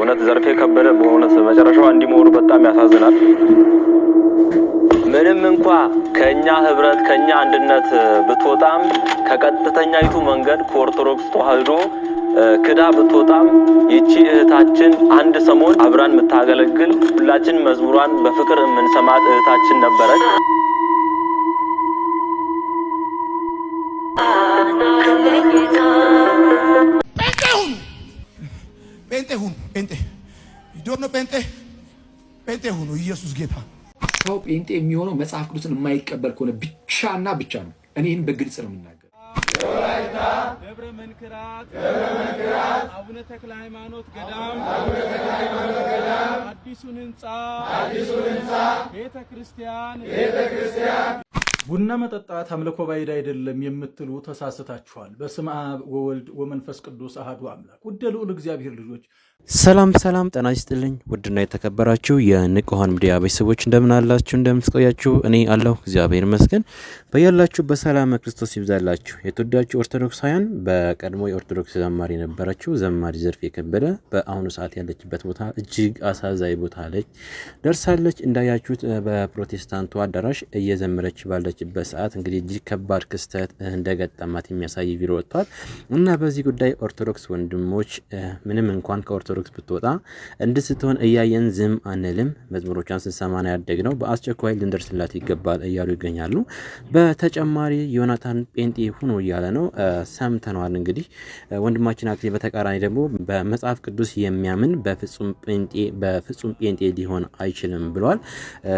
በእውነት ዘርፌ ከበደ በእውነት መጨረሻዋ እንዲመሩ በጣም ያሳዝናል። ምንም እንኳ ከኛ ህብረት ከኛ አንድነት ብትወጣም ከቀጥተኛይቱ መንገድ ከኦርቶዶክስ ተዋህዶ ክዳ ብትወጣም ይቺ እህታችን አንድ ሰሞን አብራን የምታገለግል ሁላችን መዝሙሯን በፍቅር የምንሰማት እህታችን ነበረች። Oh, ጴንጤ ሁኑ። ጴንጤ ዶኖ ጴንጤ ጴንጤ ሁኑ። ኢየሱስ ጌታ። ሰው ጴንጤ የሚሆነው መጽሐፍ ቅዱስን የማይቀበል ከሆነ ብቻና ብቻ ነው። እኔ በግልጽ ነው የምናገር። ደብረ መንክራት አቡነ ቤተ ክርስቲያን ቡና መጠጣት አምልኮ ባዕድ አይደለም የምትሉ ተሳስታችኋል። በስመ አብ ወወልድ ወመንፈስ ቅዱስ አሐዱ አምላክ። ውድ ልዑል እግዚአብሔር ልጆች ሰላም ሰላም፣ ጤና ይስጥልኝ። ውድና የተከበራችሁ የንቁሃን ሚዲያ ቤተሰቦች እንደምን አላችሁ? እንደምስቆያችሁ? እኔ አለሁ እግዚአብሔር ይመስገን። በያላችሁ በሰላም ክርስቶስ ይብዛላችሁ። የተወዳችሁ ኦርቶዶክሳውያን፣ በቀድሞ የኦርቶዶክስ ዘማሪ የነበረችው ዘማሪ ዘርፍ የከበደ በአሁኑ ሰዓት ያለችበት ቦታ እጅግ አሳዛኝ ቦታ ላይ ደርሳለች። እንዳያችሁት በፕሮቴስታንቱ አዳራሽ እየዘመረች ባለ ባለችበት ሰዓት እንግዲህ እጅግ ከባድ ክስተት እንደገጠማት የሚያሳይ ቪዲዮ ወጥቷል እና በዚህ ጉዳይ ኦርቶዶክስ ወንድሞች ምንም እንኳን ከኦርቶዶክስ ብትወጣ እንድህ እያየን ዝም አንልም፣ መዝሙሮቿን ስንሰማና ያደግ ነው፣ በአስቸኳይ ልንደርስላት ይገባል እያሉ ይገኛሉ። በተጨማሪ ዮናታን ጴንጤ ሁኖ እያለ ነው ሰምተነዋል። እንግዲህ ወንድማችን አክሊል በተቃራኒ ደግሞ በመጽሐፍ ቅዱስ የሚያምን በፍጹም ጴንጤ ሊሆን አይችልም ብሏል።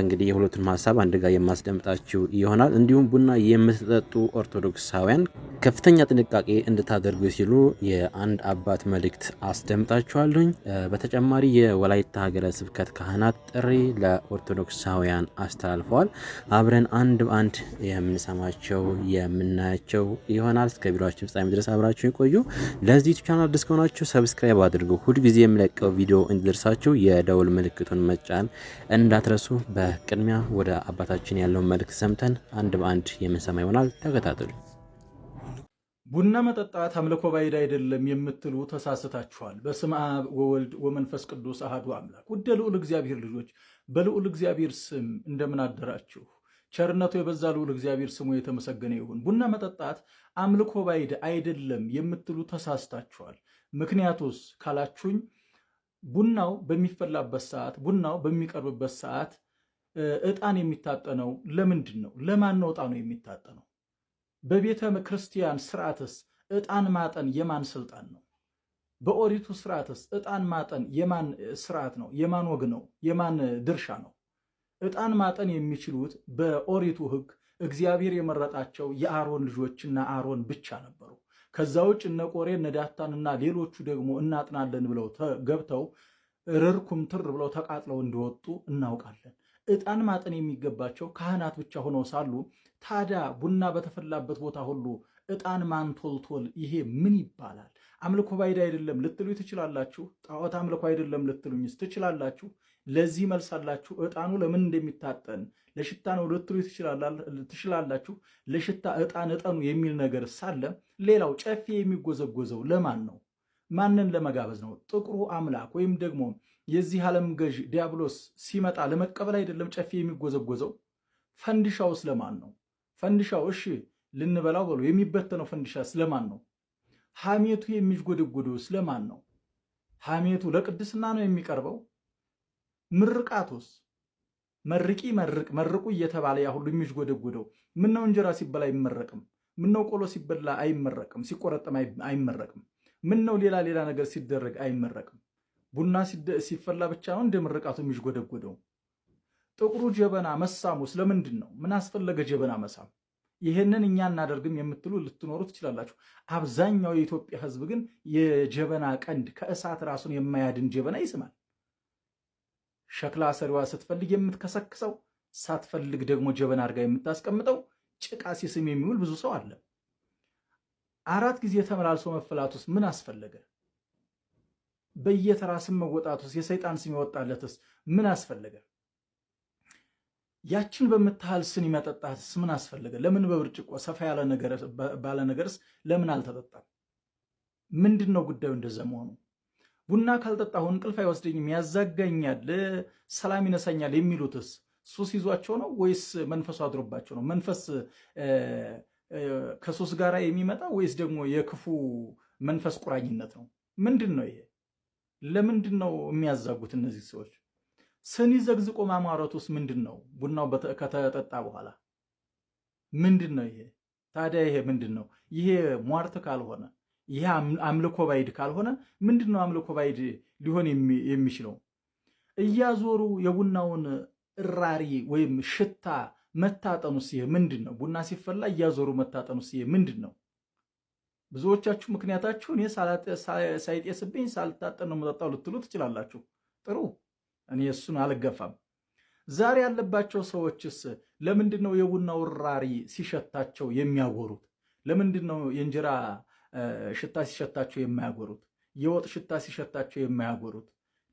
እንግዲህ የሁለቱንም ሀሳብ አንድ ጋር የማስደምጣችሁ ይሆናል። ይሆናል። እንዲሁም ቡና የምትጠጡ ኦርቶዶክሳውያን ከፍተኛ ጥንቃቄ እንድታደርጉ ሲሉ የአንድ አባት መልእክት አስደምጣችኋለሁኝ። በተጨማሪ የወላይታ ሀገረ ስብከት ካህናት ጥሪ ለኦርቶዶክሳውያን አስተላልፈዋል። አብረን አንድ በአንድ የምንሰማቸው የምናያቸው ይሆናል። እስከ ቢሮችን ፍጻሜ ድረስ አብራችሁ ይቆዩ። ለዚህ ቻናል አዲስ ከሆናችሁ ሰብስክራይብ አድርጉ። ሁልጊዜ የምለቀው ቪዲዮ እንዲደርሳችሁ የደውል ምልክቱን መጫን እንዳትረሱ። በቅድሚያ ወደ አባታችን ያለውን መልእክት ሰምተን አንድ በአንድ የምንሰማ ይሆናል። ተከታተሉ። ቡና መጠጣት አምልኮ ባዕድ አይደለም የምትሉ ተሳስታችኋል። በስመ አብ ወወልድ ወመንፈስ ቅዱስ አህዱ አምላክ። ውድ ልዑል እግዚአብሔር ልጆች በልዑል እግዚአብሔር ስም እንደምን አደራችሁ? ቸርነቱ የበዛ ልዑል እግዚአብሔር ስሙ የተመሰገነ ይሁን። ቡና መጠጣት አምልኮ ባዕድ አይደለም የምትሉ ተሳስታችኋል። ምክንያቱስ ካላችሁኝ ቡናው በሚፈላበት ሰዓት ቡናው በሚቀርብበት ሰዓት እጣን የሚታጠነው ለምንድን ነው? ለማን ነው ዕጣኑ የሚታጠነው? በቤተ ክርስቲያን ስርዓትስ እጣን ማጠን የማን ስልጣን ነው? በኦሪቱ ስርዓትስ እጣን ማጠን የማን ስርዓት ነው? የማን ወግ ነው? የማን ድርሻ ነው? እጣን ማጠን የሚችሉት በኦሪቱ ህግ እግዚአብሔር የመረጣቸው የአሮን ልጆችና አሮን ብቻ ነበሩ። ከዛ ውጭ እነ ቆሬ እነ ሌሎቹ ደግሞ እናጥናለን ብለው ገብተው ርርኩም ትር ብለው ተቃጥለው እንደወጡ እናውቃለን። ዕጣን ማጠን የሚገባቸው ካህናት ብቻ ሆነው ሳሉ ታዲያ ቡና በተፈላበት ቦታ ሁሉ ዕጣን ማንቶልቶል ይሄ ምን ይባላል? አምልኮ ባዕድ አይደለም ልትሉኝ ትችላላችሁ። ጣዖት አምልኮ አይደለም ልትሉኝስ ትችላላችሁ። ለዚህ መልስ አላችሁ። ዕጣኑ ለምን እንደሚታጠን ለሽታ ነው ልትሉ ትችላላችሁ። ለሽታ ዕጣን ዕጠኑ የሚል ነገር ሳለ ሌላው ጨፌ የሚጎዘጎዘው ለማን ነው? ማንን ለመጋበዝ ነው? ጥቁሩ አምላክ ወይም ደግሞ የዚህ ዓለም ገዥ ዲያብሎስ ሲመጣ ለመቀበል አይደለም ጨፌ የሚጎዘጎዘው? ፈንዲሻው ስለማን ነው? ፈንዲሻው እሺ ልንበላው በሉ የሚበተነው ፈንዲሻ ስለማን ነው? ሐሜቱ የሚጎደጎደው ስለማን ነው? ሐሜቱ ለቅድስና ነው የሚቀርበው? ምርቃቶስ መርቂ መርቅ መርቁ እየተባለ ያ ሁሉ የሚጎደጉደው ምነው እንጀራ ሲበላ አይመረቅም? ምነው ቆሎ ሲበላ አይመረቅም? ሲቆረጥም አይመረቅም? ምን ነው ሌላ ሌላ ነገር ሲደረግ አይመረቅም? ቡና ሲፈላ ብቻ ነው እንደ ምርቃቱ የሚጎደጎደው? ጥቁሩ ጀበና መሳሙ ስለምንድን ነው? ምን አስፈለገ ጀበና መሳም? ይህንን እኛ እናደርግም የምትሉ ልትኖሩ ትችላላችሁ። አብዛኛው የኢትዮጵያ ሕዝብ ግን የጀበና ቀንድ ከእሳት ራሱን የማያድን ጀበና ይስማል። ሸክላ ሰሪዋ ስትፈልግ የምትከሰክሰው ሳትፈልግ ደግሞ ጀበና አድርጋ የምታስቀምጠው ጭቃ ሲስም የሚውል ብዙ ሰው አለ። አራት ጊዜ ተመላልሶ መፈላቱስ ምን አስፈለገ? በየተራ ስም መወጣቱስ የሰይጣን ስም ይወጣለትስ ምን አስፈለገ? ያችን በምታህል ስኒ መጠጣትስ ምን አስፈለገ? ለምን በብርጭቆ ሰፋ ባለ ነገርስ ለምን አልተጠጣም? ምንድን ነው ጉዳዩ? እንደዛ መሆኑ ቡና ካልጠጣሁ እንቅልፍ አይወስደኝም፣ ያዛጋኛል፣ ሰላም ይነሳኛል የሚሉትስ ሱስ ይዟቸው ነው ወይስ መንፈሱ አድሮባቸው ነው? መንፈስ ከሶስት ጋር የሚመጣ ወይስ ደግሞ የክፉ መንፈስ ቁራኝነት ነው? ምንድን ነው ይሄ? ለምንድን ነው የሚያዛጉት እነዚህ ሰዎች? ስኒ ዘግዝቆ ማማረት ውስጥ ምንድን ነው? ቡናው ከተጠጣ በኋላ ምንድን ነው ይሄ? ታዲያ ይሄ ምንድን ነው? ይሄ ሟርት ካልሆነ ይሄ አምልኮ ባይድ ካልሆነ ምንድን ነው አምልኮ ባይድ ሊሆን የሚችለው? እያዞሩ የቡናውን እራሪ ወይም ሽታ መታጠኑ ሲሄ ምንድን ነው? ቡና ሲፈላ እያዞሩ መታጠኑ ሲሄ ምንድን ነው? ብዙዎቻችሁ ምክንያታችሁ እኔ ሳይጤስብኝ ሳልታጠን ነው መጠጣው ልትሉ ትችላላችሁ። ጥሩ፣ እኔ እሱን አልገፋም። ዛሬ ያለባቸው ሰዎችስ ለምንድን ነው የቡና ውራሪ ሲሸታቸው የሚያጎሩት? ለምንድን ነው የእንጀራ ሽታ ሲሸታቸው የማያጎሩት? የወጥ ሽታ ሲሸታቸው የማያጎሩት?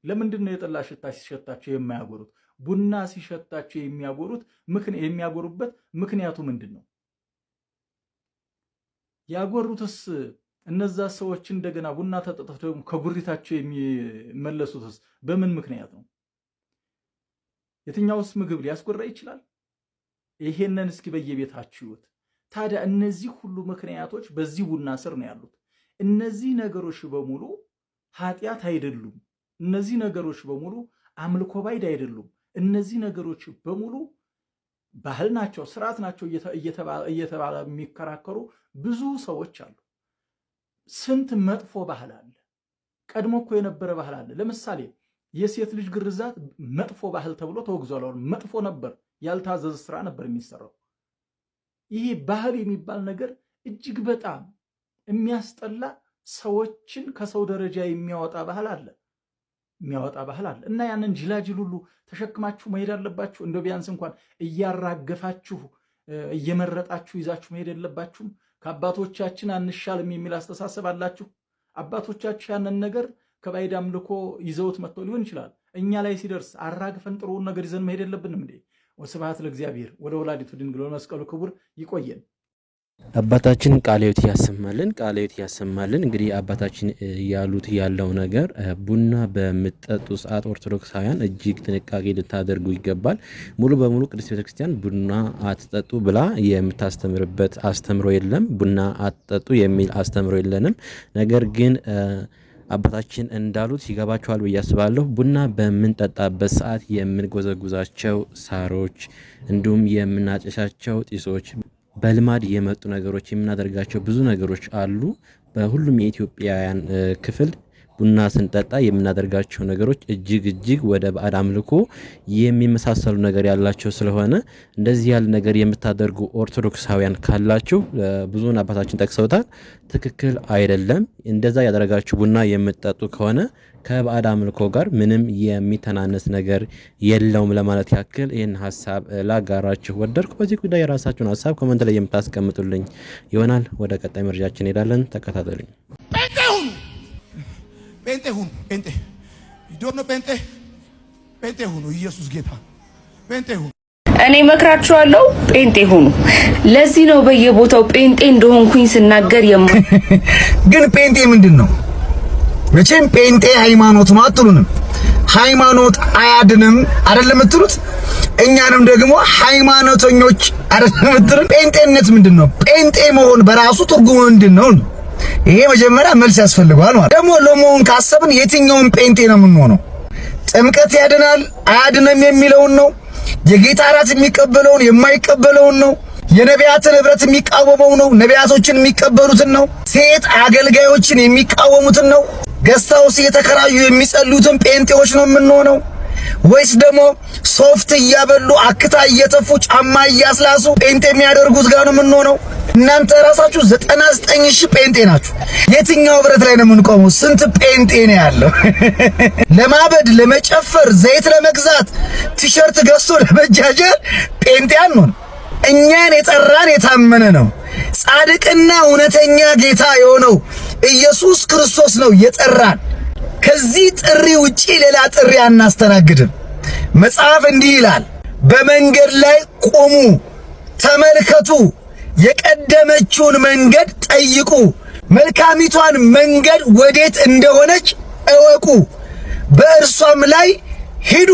ለምንድን ነው የጠላ ሽታ ሲሸታቸው የማያጎሩት? ቡና ሲሸታቸው የሚያጎሩት የሚያጎሩበት ምክንያቱ ምንድን ነው? ያጎሩትስ እነዛ ሰዎች እንደገና ቡና ተጠጥተው ደግሞ ከጉሪታቸው የሚመለሱትስ በምን ምክንያት ነው? የትኛውስ ምግብ ሊያስጎራ ይችላል? ይሄንን እስኪ በየቤታችሁ ታዲያ እነዚህ ሁሉ ምክንያቶች በዚህ ቡና ስር ነው ያሉት። እነዚህ ነገሮች በሙሉ ኃጢአት አይደሉም። እነዚህ ነገሮች በሙሉ አምልኮ ባይድ አይደሉም። እነዚህ ነገሮች በሙሉ ባህል ናቸው፣ ስርዓት ናቸው እየተባለ የሚከራከሩ ብዙ ሰዎች አሉ። ስንት መጥፎ ባህል አለ። ቀድሞ እኮ የነበረ ባህል አለ። ለምሳሌ የሴት ልጅ ግርዛት መጥፎ ባህል ተብሎ ተወግዟል። መጥፎ ነበር፣ ያልታዘዘ ስራ ነበር የሚሰራው። ይሄ ባህል የሚባል ነገር እጅግ በጣም የሚያስጠላ ሰዎችን ከሰው ደረጃ የሚያወጣ ባህል አለ። የሚያወጣ ባህል አለ እና ያንን ጅላጅል ሁሉ ተሸክማችሁ መሄድ አለባችሁ? እንደ ቢያንስ እንኳን እያራገፋችሁ እየመረጣችሁ ይዛችሁ መሄድ የለባችሁም? ከአባቶቻችን አንሻልም የሚል አስተሳሰብ አላችሁ። አባቶቻችሁ ያንን ነገር ከባዕድ አምልኮ ይዘውት መጥተው ሊሆን ይችላል። እኛ ላይ ሲደርስ አራግፈን ጥሩውን ነገር ይዘን መሄድ የለብንም እንዴ? ወስብሐት ለእግዚአብሔር ወደ ወላዲቱ ድንግል መስቀሉ ክቡር ይቆየን። አባታችን ቃለ ሕይወት ያሰማልን፣ ቃለ ሕይወት ያሰማልን። እንግዲህ አባታችን ያሉት ያለው ነገር ቡና በምጠጡ ሰዓት ኦርቶዶክሳውያን እጅግ ጥንቃቄ ልታደርጉ ይገባል። ሙሉ በሙሉ ቅድስት ቤተክርስቲያን ቡና አትጠጡ ብላ የምታስተምርበት አስተምሮ የለም። ቡና አትጠጡ የሚል አስተምሮ የለንም። ነገር ግን አባታችን እንዳሉት ይገባቸዋል ብዬ አስባለሁ። ቡና በምንጠጣበት ሰዓት የምንጎዘጉዛቸው ሳሮች እንዲሁም የምናጨሻቸው ጢሶች በልማድ የመጡ ነገሮች የምናደርጋቸው ብዙ ነገሮች አሉ። በሁሉም የኢትዮጵያውያን ክፍል ቡና ስንጠጣ የምናደርጋቸው ነገሮች እጅግ እጅግ ወደ ባዕድ አምልኮ የሚመሳሰሉ ነገር ያላቸው ስለሆነ እንደዚህ ያለ ነገር የምታደርጉ ኦርቶዶክሳውያን ካላችሁ ብዙውን አባታችን ጠቅሰውታል፣ ትክክል አይደለም። እንደዛ ያደረጋችሁ ቡና የምትጠጡ ከሆነ ከባዕድ አምልኮ ጋር ምንም የሚተናነስ ነገር የለውም ለማለት ያክል ይህን ሀሳብ ላጋራችሁ ወደድኩ። በዚህ ጉዳይ የራሳችሁን ሀሳብ ኮመንት ላይ የምታስቀምጡልኝ ይሆናል። ወደ ቀጣይ መረጃችን እንሄዳለን። ተከታተሉኝ። ጴንጤ ሁኑ። ጴንጤ ዶርኖ ጴንጤ ጴንጤ ሁኑ። ኢየሱስ ጌታ ጴንጤ ሁኑ። እኔ መክራችኋለሁ፣ ጴንጤ ሁኑ። ለዚህ ነው በየቦታው ጴንጤ እንደሆንኩኝ ስናገር የማ ግን ጴንጤ ምንድን ነው? መቼም ጴንጤ ሃይማኖት ነው አትሉንም። ሃይማኖት አያድንም አይደለም የምትሉት። እኛንም ደግሞ ሃይማኖተኞች አይደለም የምትሉን። ጴንጤነት ምንድን ነው? ጴንጤ መሆን በራሱ ትርጉሙ ምንድን ነው? ይሄ መጀመሪያ መልስ ያስፈልገዋል። ማለት ደግሞ ለመሆን ካሰብን የትኛውን ጴንጤ ነው የምንሆነው? ጥምቀት ያድናል አያድንም የሚለውን ነው። የጌታ እራት የሚቀበለውን የማይቀበለውን ነው። የነቢያትን ህብረት የሚቃወመው ነው። ነቢያቶችን የሚቀበሉትን ነው። ሴት አገልጋዮችን የሚቃወሙትን ነው። ገስታውስ እየተከራዩ የሚጸሉትን ጴንጤዎች ነው የምንሆነው። ወይስ ደግሞ ሶፍት እያበሉ አክታ እየተፉ ጫማ እያስላሱ ጴንጤ የሚያደርጉት ጋር ነው የምንሆነው? እናንተ ራሳችሁ ዘጠና ዘጠኝ ሺህ ጴንጤ ናችሁ። የትኛው ብረት ላይ ነው የምንቆመው? ስንት ጴንጤ ነው ያለው? ለማበድ፣ ለመጨፈር፣ ዘይት ለመግዛት፣ ቲሸርት ገዝቶ ለመጃጀር ጴንጤ አንሆን። እኛን የጠራን የታመነ ነው። ጻድቅና እውነተኛ ጌታ የሆነው ኢየሱስ ክርስቶስ ነው የጠራን። ከዚህ ጥሪ ውጪ ሌላ ጥሪ አናስተናግድም። መጽሐፍ እንዲህ ይላል፣ በመንገድ ላይ ቆሙ ተመልከቱ፣ የቀደመችውን መንገድ ጠይቁ፣ መልካሚቷን መንገድ ወዴት እንደሆነች እወቁ፣ በእርሷም ላይ ሂዱ፣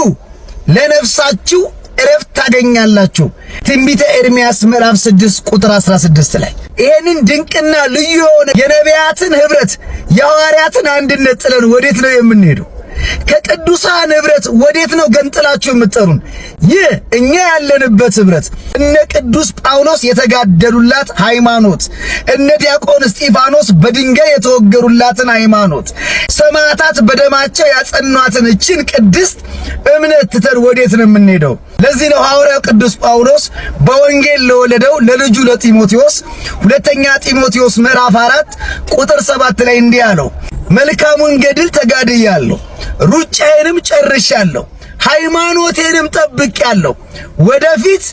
ለነፍሳችሁ እረፍት ታገኛላችሁ። ትንቢተ ኤርምያስ ምዕራፍ 6 ቁጥር 16 ላይ ይህንን ድንቅና ልዩ የሆነ የነቢያትን ህብረት ። የሐዋርያትን አንድነት ጥለን ወዴት ነው የምንሄደው? ከቅዱሳን ህብረት ወዴት ነው ገንጥላችሁ የምትጠሩን? ይህ እኛ ያለንበት ህብረት እነ ቅዱስ ጳውሎስ የተጋደሉላት ሃይማኖት፣ እነ ዲያቆን እስጢፋኖስ በድንጋይ የተወገሩላትን ሃይማኖት፣ ሰማዕታት በደማቸው ያጸኗትን እችን ቅድስት እምነት ትተን ወዴት ነው የምንሄደው? ለዚህ ነው ሐዋርያው ቅዱስ ጳውሎስ በወንጌል ለወለደው ለልጁ ለጢሞቴዎስ ሁለተኛ ጢሞቴዎስ ምዕራፍ አራት ቁጥር ሰባት ላይ እንዲህ አለው፣ መልካሙን ገድል ተጋድያለሁ፣ ሩጫዬንም ጨርሻለሁ፣ ሃይማኖቴንም ጠብቄአለሁ ወደፊት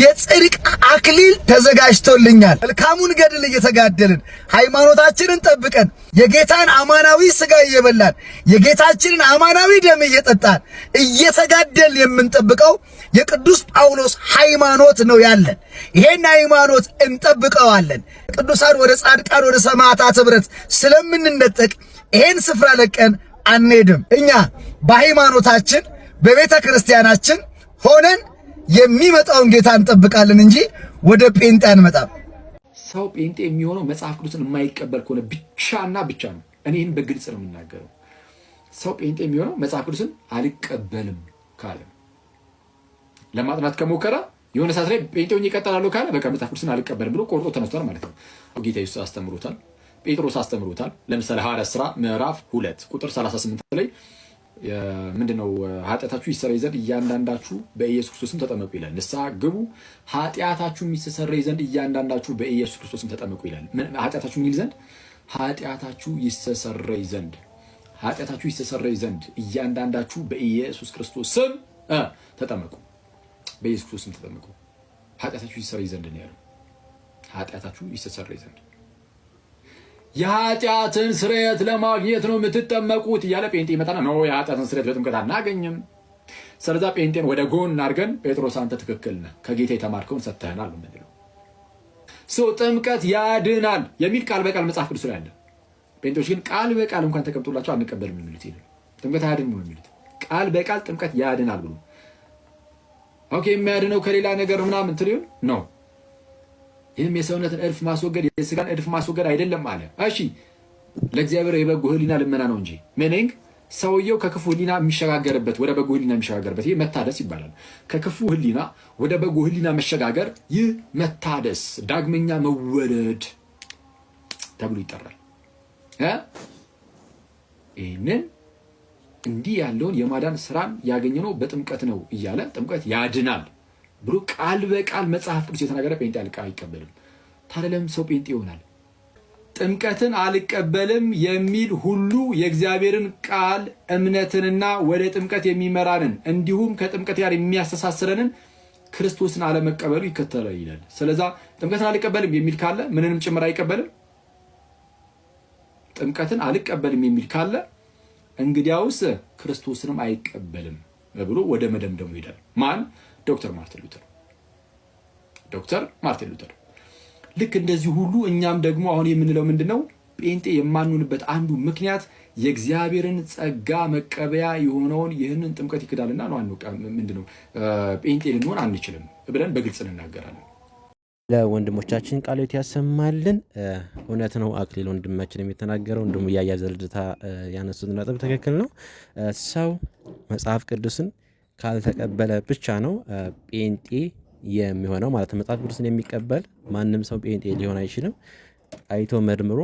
የጽድቅ አክሊል ተዘጋጅቶልኛል። መልካሙን ገድል እየተጋደልን ሃይማኖታችንን ጠብቀን የጌታን አማናዊ ስጋ እየበላን የጌታችንን አማናዊ ደም እየጠጣን እየተጋደል የምንጠብቀው የቅዱስ ጳውሎስ ሃይማኖት ነው ያለን። ይሄን ሃይማኖት እንጠብቀዋለን። ቅዱሳን ወደ ጻድቃን ወደ ሰማዕታት ኅብረት ስለምንነጠቅ ይሄን ስፍራ ለቀን አንሄድም። እኛ በሃይማኖታችን በቤተ ክርስቲያናችን ሆነን የሚመጣውን ጌታ እንጠብቃለን እንጂ ወደ ጴንጤ አንመጣም። ሰው ጴንጤ የሚሆነው መጽሐፍ ቅዱስን የማይቀበል ከሆነ ብቻና ብቻ ነው። እኔ ይህን በግልጽ ነው የምናገረው። ሰው ጴንጤ የሚሆነው መጽሐፍ ቅዱስን አልቀበልም ካለ ለማጥናት ከሞከረ የሆነ ሰዓት ላይ ጴንጤ ሆኜ እቀጥላለሁ ካለ በቃ መጽሐፍ ቅዱስን አልቀበልም ብሎ ቆርጦ ተነስቷል ማለት ነው። ጌታ ኢየሱስ አስተምሮታል፣ ጴጥሮስ አስተምሮታል። ለምሳሌ ሐዋርያት ሥራ ምዕራፍ ሁለት ቁጥር 38 ላይ ምንድነው ኃጢአታችሁ ይሰረይ ዘንድ እያንዳንዳችሁ በኢየሱስ ክርስቶስም ተጠመቁ ይላል። ንስሐ ግቡ ኃጢአታችሁ ይሰረይ ዘንድ እያንዳንዳችሁ በኢየሱስ ክርስቶስም ተጠመቁ ይላል። ኃጢአታችሁ ይል ዘንድ ኃጢአታችሁ ይሰሰረይ ዘንድ ኃጢአታችሁ ይሰሰረይ ዘንድ እያንዳንዳችሁ በኢየሱስ ክርስቶስ ስም ተጠመቁ። በኢየሱስ ክርስቶስም ተጠመቁ። ኃጢአታችሁ ይሰረይ ዘንድ ነው ያለው። ኃጢአታችሁ ይሰሰረይ ዘንድ የኃጢአትን ስርየት ለማግኘት ነው የምትጠመቁት እያለ ጴንጤ ይመጣና ነው የኃጢአትን ስርየት በጥምቀት አናገኝም። ስለዛ ጴንጤን ወደ ጎን አድርገን ጴጥሮስ አንተ ትክክል ነህ፣ ከጌታ የተማርከውን ሰጥተህናል ምንለው ሰው ጥምቀት ያድናል የሚል ቃል በቃል መጽሐፍ ቅዱስ ላይ አለ። ጴንጤዎች ግን ቃል በቃል እንኳን ተቀምጦላቸው አንቀበልም የሚሉት ይሄ ጥምቀት አያድን ነው የሚሉት ቃል በቃል ጥምቀት ያድናል ብሎ ኦኬ የሚያድነው ከሌላ ነገር ምናምን ትል ነው ይህም የሰውነትን እድፍ ማስወገድ የስጋን እድፍ ማስወገድ አይደለም አለ። እሺ ለእግዚአብሔር የበጎ ህሊና ልመና ነው እንጂ ሜኒንግ ሰውየው ከክፉ ህሊና የሚሸጋገርበት ወደ በጎ ህሊና የሚሸጋገርበት ይህ መታደስ ይባላል። ከክፉ ህሊና ወደ በጎ ህሊና መሸጋገር ይህ መታደስ፣ ዳግመኛ መወለድ ተብሎ ይጠራል። ይህንን እንዲህ ያለውን የማዳን ስራን ያገኘነው በጥምቀት ነው እያለ ጥምቀት ያድናል ብሎ ቃል በቃል መጽሐፍ ቅዱስ የተናገረ ጴንጤ አይቀበልም። ታለለም ሰው ጴንጤ ይሆናል? ጥምቀትን አልቀበልም የሚል ሁሉ የእግዚአብሔርን ቃል እምነትንና ወደ ጥምቀት የሚመራንን እንዲሁም ከጥምቀት ጋር የሚያስተሳስረንን ክርስቶስን አለመቀበሉ ይከተለ ይላል። ስለዛ ጥምቀትን አልቀበልም የሚል ካለ ምንንም ጭምር አይቀበልም። ጥምቀትን አልቀበልም የሚል ካለ እንግዲያውስ ክርስቶስንም አይቀበልም ብሎ ወደ መደምደሙ ይሄዳል። ማን ዶክተር ማርቲን ሉተር ዶክተር ማርቲን ሉተር። ልክ እንደዚህ ሁሉ እኛም ደግሞ አሁን የምንለው ምንድን ነው? ጴንጤ የማንሆንበት አንዱ ምክንያት የእግዚአብሔርን ጸጋ መቀበያ የሆነውን ይህንን ጥምቀት ይክዳልና ነው። ምንድነው ጴንጤ ልንሆን አንችልም ብለን በግልጽ እንናገራለን። ለወንድሞቻችን ቃሎት ያሰማልን። እውነት ነው አክሊል ወንድማችን የሚተናገረው እንዲሁም እያያ ዘልድታ ያነሱት ነጥብ ትክክል ነው። ሰው መጽሐፍ ቅዱስን ካልተቀበለ ብቻ ነው ጴንጤ የሚሆነው ማለት ነው። መጽሐፍ ቅዱስን የሚቀበል ማንም ሰው ጴንጤ ሊሆን አይችልም። አይቶ መርምሮ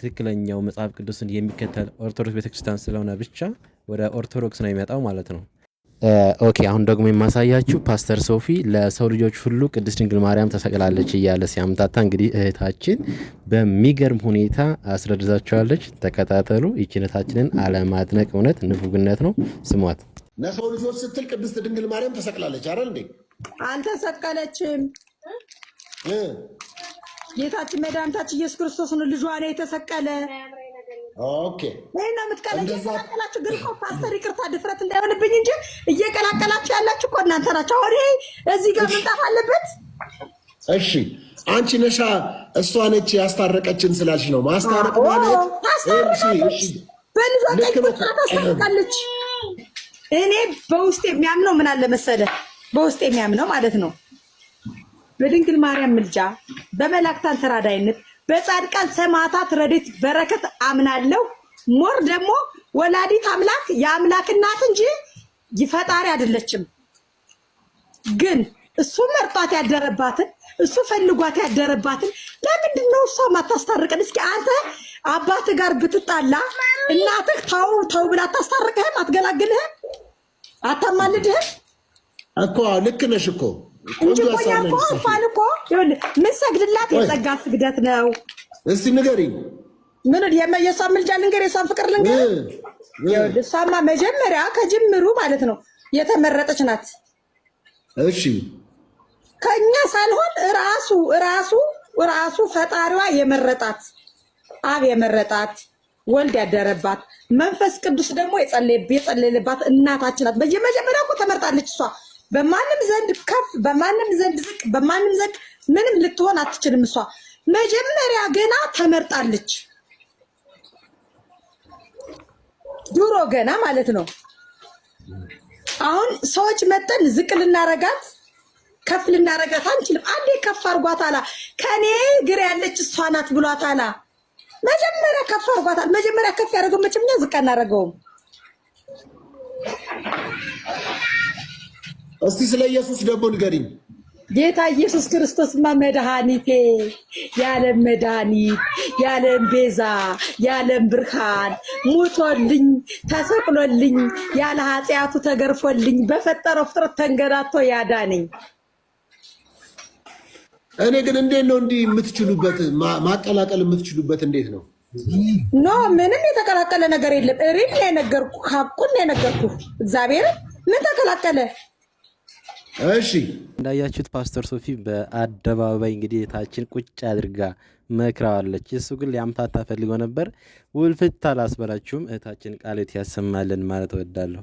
ትክክለኛው መጽሐፍ ቅዱስን የሚከተል ኦርቶዶክስ ቤተክርስቲያን ስለሆነ ብቻ ወደ ኦርቶዶክስ ነው የሚመጣው ማለት ነው። ኦኬ አሁን ደግሞ የማሳያችሁ ፓስተር ሶፊ ለሰው ልጆች ሁሉ ቅድስት ድንግል ማርያም ተሰቅላለች እያለ ሲያምታታ እንግዲህ እህታችን በሚገርም ሁኔታ አስረድዛቸዋለች ተከታተሉ። ይችነታችንን አለማድነቅ እውነት ንፉግነት ነው። ስሟት። ለሰው ልጆች ስትል ቅድስት ድንግል ማርያም ተሰቅላለች አረ እንዴ? አልተሰቀለችም። ጌታችን መድኃኒታችን ኢየሱስ ክርስቶስ ነው ልጇ ነው የተሰቀለ። ኦኬ ወይ ነው የምትቀላቀላችሁ? ግን እኮ ፓስተር፣ ይቅርታ ድፍረት እንዳይሆንብኝ እንጂ እየቀላቀላችሁ ያላችሁ እኮ እናንተ ናችሁ። አሁን ይሄ እዚህ ጋር መምጣት አለበት። እሺ አንቺ ነሻ እሷ ነች ያስታረቀችን ስላልሽ ነው ማስታረቅ ማለት። ታስታርቃለች። እሺ በልጇ ቀይ ቁጥራ ታስታርቃለች እኔ በውስጥ የሚያምነው ምን አለ መሰለ፣ በውስጥ የሚያምነው ማለት ነው በድንግል ማርያም ምልጃ፣ በመላእክታን ተራዳይነት፣ በጻድቃን ሰማዕታት ረድኤት በረከት አምናለሁ። ሞር ደግሞ ወላዲት አምላክ የአምላክ እናት እንጂ ፈጣሪ አይደለችም። ግን እሱ መርጧት ያደረባትን እሱ ፈልጓት ያደረባትን ለምንድን ነው እሷ ማታስታርቅን? እስኪ አንተ አባትህ ጋር ብትጣላ እናትህ ተው ተው ብላ አታስታርቅህም? አትገላግልህም? አታማልድህም እኮ ልክ ነሽ እኮ እንጂ እኮ እንኳን እኮ ምን ሰግድላት የጸጋ ስግደት ነው። እስቲ ንገሪኝ፣ ምን የእሷን ምልጃ ልንገር፣ የእሷን ፍቅር ልንገር። እሷማ መጀመሪያ ከጅምሩ ማለት ነው የተመረጠች ናት። እሺ ከእኛ ሳልሆን ራሱ ራሱ ራሱ ፈጣሪዋ የመረጣት አብ የመረጣት ወልድ ያደረባት መንፈስ ቅዱስ ደግሞ የጸለየባት እናታችን ናት። በየመጀመሪያ እኮ ተመርጣለች እሷ። በማንም ዘንድ ከፍ፣ በማንም ዘንድ ዝቅ፣ በማንም ዘንድ ምንም ልትሆን አትችልም። እሷ መጀመሪያ ገና ተመርጣለች። ድሮ ገና ማለት ነው። አሁን ሰዎች መጠን ዝቅ ልናረጋት ከፍ ልናረጋት አንችልም። አንዴ ከፍ አርጓታላ። ከኔ ግር ያለች እሷ ናት ብሏታላ። መጀመሪያ ከፍ አድርጓታል። መጀመሪያ ከፍ ያደረገው መቼም እኛ ዝቅ አናደርገውም። እስቲ ስለ ኢየሱስ ደግሞ ንገሪኝ። ጌታ ኢየሱስ ክርስቶስማ መድኃኒቴ፣ የዓለም መድኃኒት፣ የዓለም ቤዛ፣ የዓለም ብርሃን ሙቶልኝ፣ ተሰቅሎልኝ፣ ያለ ኃጢአቱ ተገርፎልኝ፣ በፈጠረው ፍጥረት ተንገዳቶ ያዳነኝ እኔ ግን እንዴት ነው እንዲህ የምትችሉበት ማቀላቀል የምትችሉበት እንዴት ነው? ኖ ምንም የተቀላቀለ ነገር የለም። እሪል ነው የነገርኩ፣ ሀቁን ነው የነገርኩ። እግዚአብሔር ምን ተቀላቀለ? እሺ እንዳያችሁት ፓስተር ሶፊ በአደባባይ እንግዲህ የታችን ቁጭ አድርጋ መክራዋለች። እሱ ግን ሊያምታታ ፈልጎ ነበር። ውልፍት አላስበላችሁም። እህታችን ቃሌት ያሰማልን ማለት እወዳለሁ።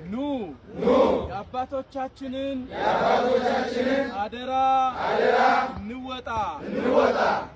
የአባቶቻችንን አደራ እንወጣ እንወጣ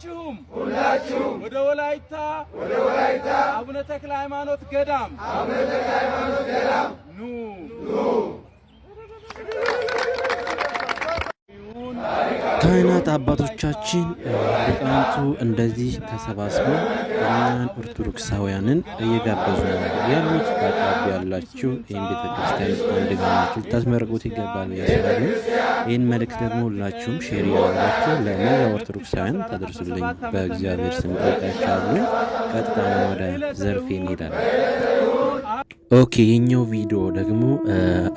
ሁላችሁም ሁላችሁም ወደ ወላይታ ወደ ወላይታ አቡነ ተክለ ሃይማኖት ገዳም አቡነ ተክለ ሃይማኖት ገዳም ኑ ኑ ካህናት አባቶቻችን ሊቃውንቱ እንደዚህ ተሰባስበው እኛን ኦርቶዶክሳውያንን እየጋበዙ ነው ያሉት። በአቅራቢያ ያላችሁ ይህን ቤተክርስቲያን አንድ ገናችሁ ልታስመርቁት ይገባል ያስባሉ። ይህን መልእክት ደግሞ ሁላችሁም ሼር ያደረጋችሁ ለመላ ኦርቶዶክሳውያን ተደርሱልኝ በእግዚአብሔር ስም ጠይቃችኋለሁ። ቀጥታ ወደ ዘርፌ እንሄዳለን። ኦኬ የኛው ቪዲዮ ደግሞ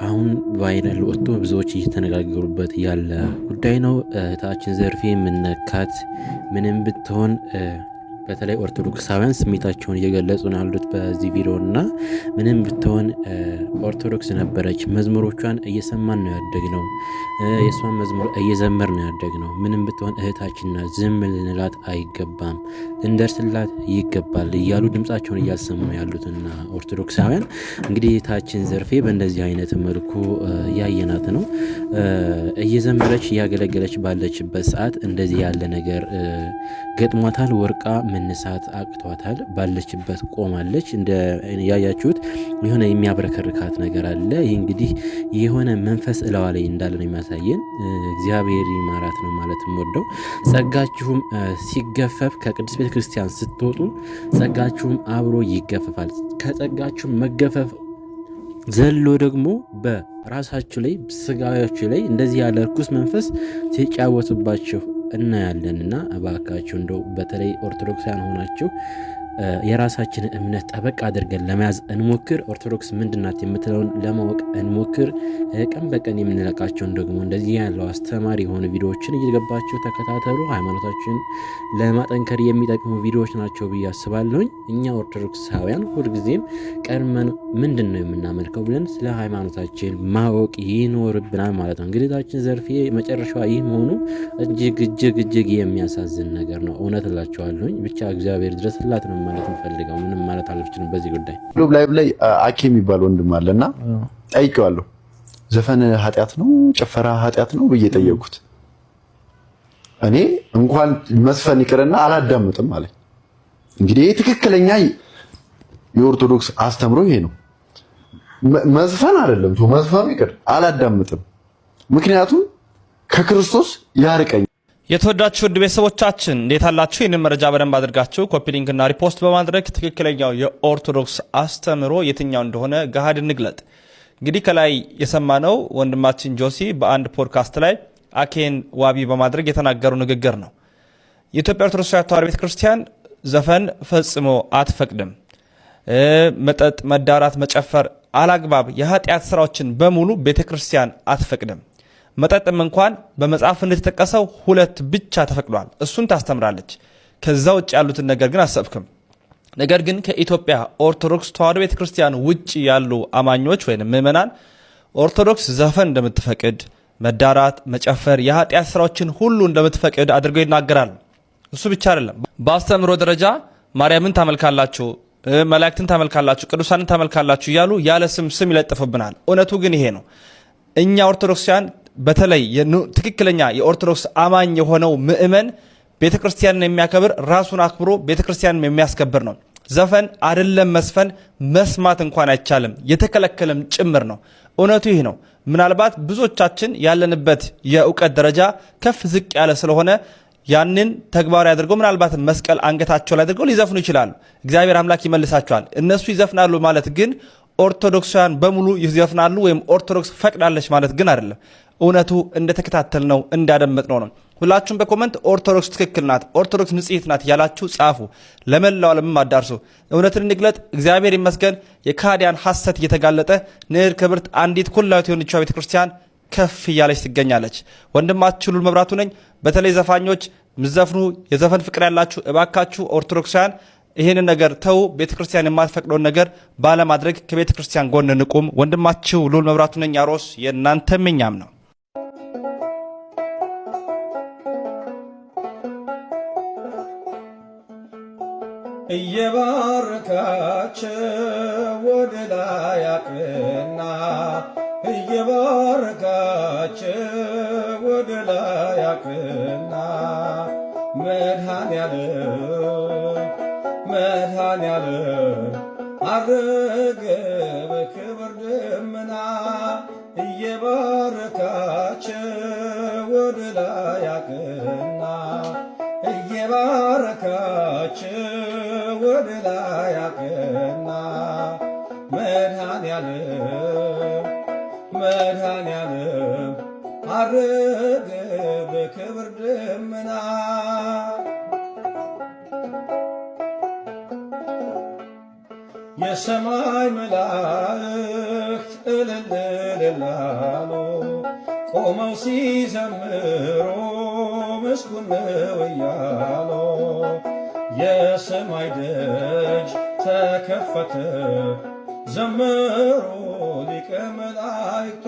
አሁን ቫይረል ወጥቶ ብዙዎች እየተነጋገሩበት ያለ ጉዳይ ነው። እህታችን ዘርፌ የምነካት ምንም ብትሆን በተለይ ኦርቶዶክሳውያን ስሜታቸውን እየገለጹ ነው ያሉት በዚህ ቪዲዮ እና ምንም ብትሆን ኦርቶዶክስ ነበረች። መዝሙሮቿን እየሰማን ነው ያደግ ነው የእሷን መዝሙር እየዘመር ነው ያደግነው። ምንም ብትሆን እህታችንና ዝም ልንላት አይገባም፣ ልንደርስላት ይገባል እያሉ ድምፃቸውን እያሰሙ ነው ያሉትና ኦርቶዶክሳውያን እንግዲህ እህታችን ዘርፌ በእንደዚህ አይነት መልኩ ያየናት ነው። እየዘመረች እያገለገለች ባለችበት ሰዓት እንደዚህ ያለ ነገር ገጥሟታል። ወርቃ ምን መነሳት አቅቷታል። ባለችበት ቆማለች። እንደ ያያችሁት የሆነ የሚያብረከርካት ነገር አለ። ይህ እንግዲህ የሆነ መንፈስ እለዋ ላይ እንዳለ ነው የሚያሳየን። እግዚአብሔር ይማራት ነው ማለት ወደው ጸጋችሁም ሲገፈፍ ከቅዱስ ቤተ ክርስቲያን ስትወጡ ጸጋችሁም አብሮ ይገፈፋል። ከጸጋችሁም መገፈፍ ዘሎ ደግሞ በራሳችሁ ላይ ስጋዎች ላይ እንደዚህ ያለ ርኩስ መንፈስ ሲጫወቱባቸው። እናያለን እና እባካችሁ እንደው በተለይ ኦርቶዶክሳን ሆናችሁ የራሳችን እምነት ጠበቅ አድርገን ለመያዝ እንሞክር። ኦርቶዶክስ ምንድናት የምትለውን ለማወቅ እንሞክር። ቀን በቀን የምንለቃቸውን ደግሞ እንደዚህ ያለው አስተማሪ የሆኑ ቪዲዮዎችን እየገባቸው ተከታተሉ። ሃይማኖታችን ለማጠንከር የሚጠቅሙ ቪዲዮዎች ናቸው ብዬ አስባለሁኝ። እኛ ኦርቶዶክሳውያን ሁልጊዜም ቀድመን ምንድን ነው የምናመልከው ብለን ስለ ሃይማኖታችን ማወቅ ይኖርብናል ማለት ነው። እንግዳችን ዘርፌ መጨረሻ ይህ መሆኑ እጅግ እጅግ እጅግ የሚያሳዝን ነገር ነው። እውነት እላቸዋለሁኝ። ብቻ እግዚአብሔር ድረስላት ነው ማለት እንፈልገው። ምንም ማለት አልችልም በዚህ ጉዳይ። ላይቭ ላይ አኬ የሚባል ወንድም አለ እና ጠይቀዋለሁ። ዘፈን ኃጢአት ነው ጭፈራ ኃጢአት ነው ብዬ ጠየቅኩት። እኔ እንኳን መዝፈን ይቅርና አላዳምጥም አለ። እንግዲህ ይህ ትክክለኛ የኦርቶዶክስ አስተምሮ ይሄ ነው። መዝፈን አይደለም መዝፈኑ ይቅር አላዳምጥም፣ ምክንያቱም ከክርስቶስ ያርቀኝ የተወዳችሁ ውድ ቤተሰቦቻችን እንዴት አላችሁ? ይህንን መረጃ በደንብ አድርጋችሁ ኮፒ ሪፖስት በማድረግ ትክክለኛው የኦርቶዶክስ አስተምሮ የትኛው እንደሆነ ገሃድ እንግለጥ። እንግዲህ ከላይ የሰማነው ወንድማችን ጆሲ በአንድ ፖድካስት ላይ አኬን ዋቢ በማድረግ የተናገሩ ንግግር ነው። የኢትዮጵያ ኦርቶዶክስ ተዋሕዶ ቤተ ክርስቲያን ዘፈን ፈጽሞ አትፈቅድም። መጠጥ፣ መዳራት፣ መጨፈር፣ አላግባብ የኃጢአት ስራዎችን በሙሉ ቤተ ክርስቲያን አትፈቅድም። መጠጥም እንኳን በመጽሐፍ እንደተጠቀሰው ሁለት ብቻ ተፈቅዷል። እሱን ታስተምራለች። ከዛ ውጭ ያሉትን ነገር ግን አሰብክም። ነገር ግን ከኢትዮጵያ ኦርቶዶክስ ተዋህዶ ቤተ ክርስቲያን ውጭ ያሉ አማኞች ወይም ምእመናን ኦርቶዶክስ ዘፈን እንደምትፈቅድ፣ መዳራት፣ መጨፈር፣ የኃጢአት ስራዎችን ሁሉ እንደምትፈቅድ አድርገው ይናገራሉ። እሱ ብቻ አይደለም። በአስተምሮ ደረጃ ማርያምን ታመልካላችሁ፣ መላእክትን ታመልካላችሁ፣ ቅዱሳንን ታመልካላችሁ እያሉ ያለ ስም ስም ይለጥፉብናል። እውነቱ ግን ይሄ ነው። እኛ ኦርቶዶክሳውያን በተለይ ትክክለኛ የኦርቶዶክስ አማኝ የሆነው ምእመን ቤተ ክርስቲያንን የሚያከብር ራሱን አክብሮ ቤተ ክርስቲያንን የሚያስከብር ነው። ዘፈን አይደለም መስፈን መስማት እንኳን አይቻልም፣ የተከለከለም ጭምር ነው። እውነቱ ይህ ነው። ምናልባት ብዙዎቻችን ያለንበት የእውቀት ደረጃ ከፍ ዝቅ ያለ ስለሆነ ያንን ተግባራዊ አድርገው ምናልባት መስቀል አንገታቸው ላይ አድርገው ሊዘፍኑ ይችላሉ። እግዚአብሔር አምላክ ይመልሳቸዋል። እነሱ ይዘፍናሉ ማለት ግን ኦርቶዶክሳውያን በሙሉ ይዘፍናሉ ወይም ኦርቶዶክስ ፈቅዳለች ማለት ግን አይደለም። እውነቱ እንደተከታተልነው እንዳደመጥነው ነው። ሁላችሁም በኮመንት ኦርቶዶክስ ትክክል ናት፣ ኦርቶዶክስ ንጽሕት ናት ያላችሁ ጻፉ። ለመላው ለምማዳርሱ አዳርሱ። እውነትን እንግለጥ። እግዚአብሔር ይመስገን የካዲያን ሐሰት እየተጋለጠ ንር ክብርት አንዲት ኩላዊት የሆነች ቤተ ክርስቲያን ከፍ እያለች ትገኛለች። ወንድማችሁ ሉል መብራቱ ነኝ። በተለይ ዘፋኞች ምዘፍኑ የዘፈን ፍቅር ያላችሁ እባካችሁ ኦርቶዶክሳውያን ይህንን ነገር ተው። ቤተ ክርስቲያን የማትፈቅደውን ነገር ባለማድረግ ከቤተ ክርስቲያን ጎን ንቁም። ወንድማችሁ ሉል መብራቱ ነኝ። አሮስ የእናንተም እኛም ነው። እየባረካቸው ወደ ላይ አቅና እየባረካቸው ወደ ላይ አቅና መድኃኔ ዓለም አረገ በክብር ደመና እየባረካቸው ወደ ላይ አቅና እየባረካቸው ወደ ላይ አቅና መድኃኔዓለም መድኃኔዓለም አረገ በክብር ደመና የሰማይ መላእክት እልል እልል ቆመው ሲዘምሩ ምስጉን ነው እያሉ የሰማይ ደጅ ተከፈተ፣ ዘምሩ ሊቀ መላእክቱ።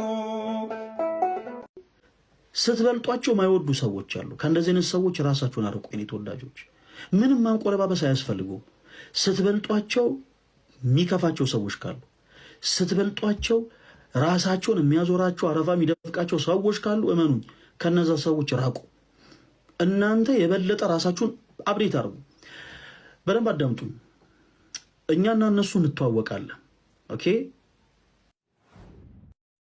ስትበልጧቸው ማይወዱ ሰዎች አሉ። ከእንደዚህ አይነት ሰዎች ራሳችሁን አርቁ። የኔ ተወዳጆች ምንም ማንቆለባበስ አያስፈልጉም። ስትበልጧቸው የሚከፋቸው ሰዎች ካሉ፣ ስትበልጧቸው ራሳቸውን የሚያዞራቸው አረፋ የሚደፍቃቸው ሰዎች ካሉ እመኑኝ፣ ከነዛ ሰዎች ራቁ። እናንተ የበለጠ ራሳችሁን አብዴት አድርጉ። በደንብ አዳምጡ። እኛና እነሱ እንተዋወቃለን። ኦኬ